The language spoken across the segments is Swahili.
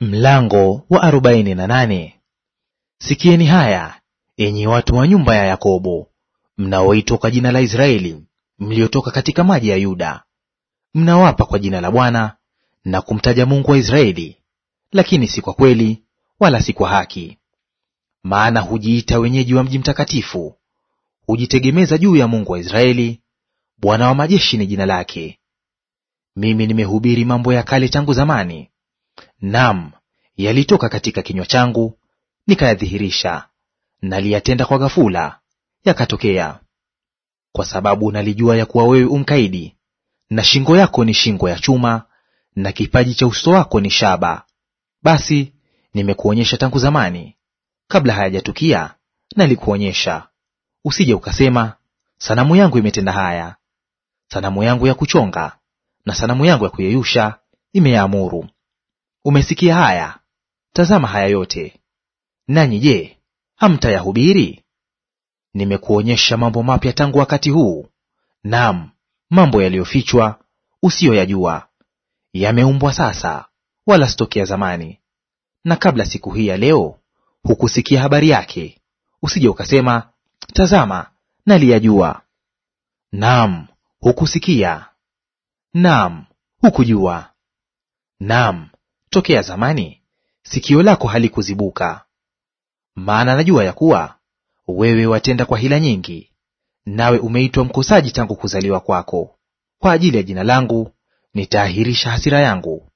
Mlango wa arobaini na nane. Sikieni haya enyi watu wa nyumba ya Yakobo, mnaoitwa kwa jina la Israeli, mliotoka katika maji ya Yuda, mnawapa kwa jina la Bwana na kumtaja Mungu wa Israeli, lakini si kwa kweli wala si kwa haki. Maana hujiita wenyeji wa mji mtakatifu, hujitegemeza juu ya Mungu wa Israeli; Bwana wa majeshi ni jina lake. Mimi nimehubiri mambo ya kale tangu zamani Naam, yalitoka katika kinywa changu, nikayadhihirisha; naliyatenda kwa ghafula, yakatokea. Kwa sababu nalijua ya kuwa wewe umkaidi, na shingo yako ni shingo ya chuma, na kipaji cha uso wako ni shaba. Basi nimekuonyesha tangu zamani, kabla hayajatukia nalikuonyesha, usije ukasema, sanamu yangu imetenda haya; sanamu yangu ya kuchonga na sanamu yangu ya kuyeyusha imeyaamuru umesikia haya, tazama haya yote. Nanyi je, hamtayahubiri? Nimekuonyesha mambo mapya tangu wakati huu, naam, mambo yaliyofichwa usiyoyajua, yameumbwa sasa, wala sitokea zamani, na kabla siku hii ya leo hukusikia habari yake, usije ukasema, tazama naliyajua. Naam, hukusikia; naam, hukujua; naam, Tokea zamani sikio lako halikuzibuka. Maana najua ya kuwa wewe watenda kwa hila nyingi, nawe umeitwa mkosaji tangu kuzaliwa kwako. Kwa ajili ya jina langu nitaahirisha hasira yangu,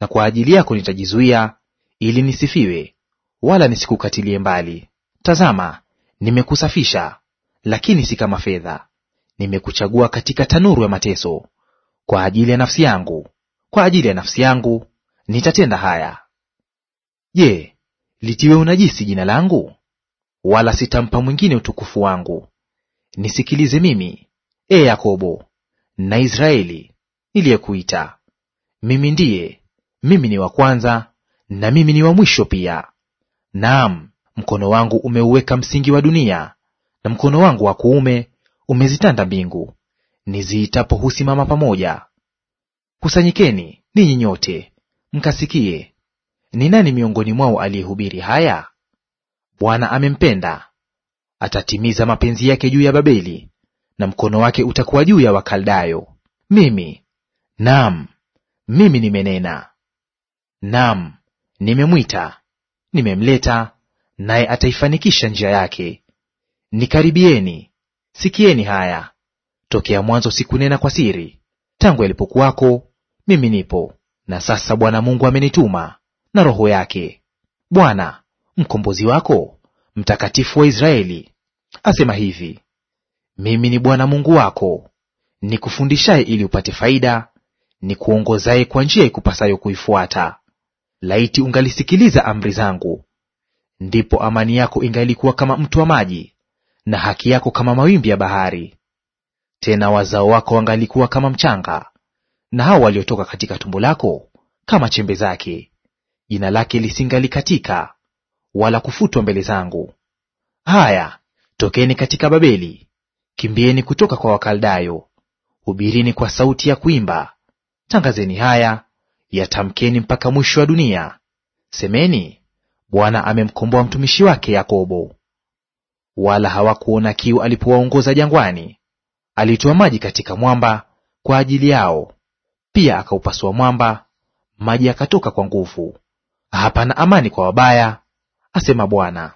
na kwa ajili yako nitajizuia, ili nisifiwe, wala nisikukatilie mbali. Tazama, nimekusafisha lakini si kama fedha, nimekuchagua katika tanuru ya mateso. Kwa ajili ya nafsi yangu, kwa ajili ya nafsi yangu nitatenda haya. Je, litiwe unajisi jina langu? Wala sitampa mwingine utukufu wangu. Nisikilize mimi, e Yakobo, na Israeli niliyekuita. Mimi ndiye, mimi ni wa kwanza na mimi ni wa mwisho pia. Naam, mkono wangu umeuweka msingi wa dunia, na mkono wangu wa kuume umezitanda mbingu. Niziitapo husimama pamoja. Kusanyikeni ninyi nyote, mkasikie, ni nani miongoni mwao aliyehubiri haya? Bwana amempenda, atatimiza mapenzi yake juu ya Babeli, na mkono wake utakuwa juu ya Wakaldayo. Mimi naam, mimi nimenena, naam, nimemwita, nimemleta, naye ataifanikisha njia yake. Nikaribieni, sikieni haya. Tokea mwanzo sikunena kwa siri, tangu yalipokuwako mimi nipo. Na sasa Bwana Mungu amenituma na Roho yake, Bwana mkombozi wako, Mtakatifu wa Israeli, asema hivi: mimi ni Bwana Mungu wako nikufundishaye ili upate faida, nikuongozaye kwa njia ikupasayo kuifuata. Laiti ungalisikiliza amri zangu, ndipo amani yako ingalikuwa kama mto wa maji, na haki yako kama mawimbi ya bahari. Tena wazao wako wangalikuwa kama mchanga na hao waliotoka katika tumbo lako kama chembe zake, jina lake lisingalikatika wala kufutwa mbele zangu. Haya, tokeni katika Babeli, kimbieni kutoka kwa Wakaldayo, hubirini kwa sauti ya kuimba, tangazeni haya, yatamkeni mpaka mwisho wa dunia. Semeni, Bwana amemkomboa mtumishi wake Yakobo. Wala hawakuona kiu alipowaongoza jangwani, alitoa maji katika mwamba kwa ajili yao, pia akaupasua mwamba, maji yakatoka kwa nguvu. Hapana amani kwa wabaya, asema Bwana.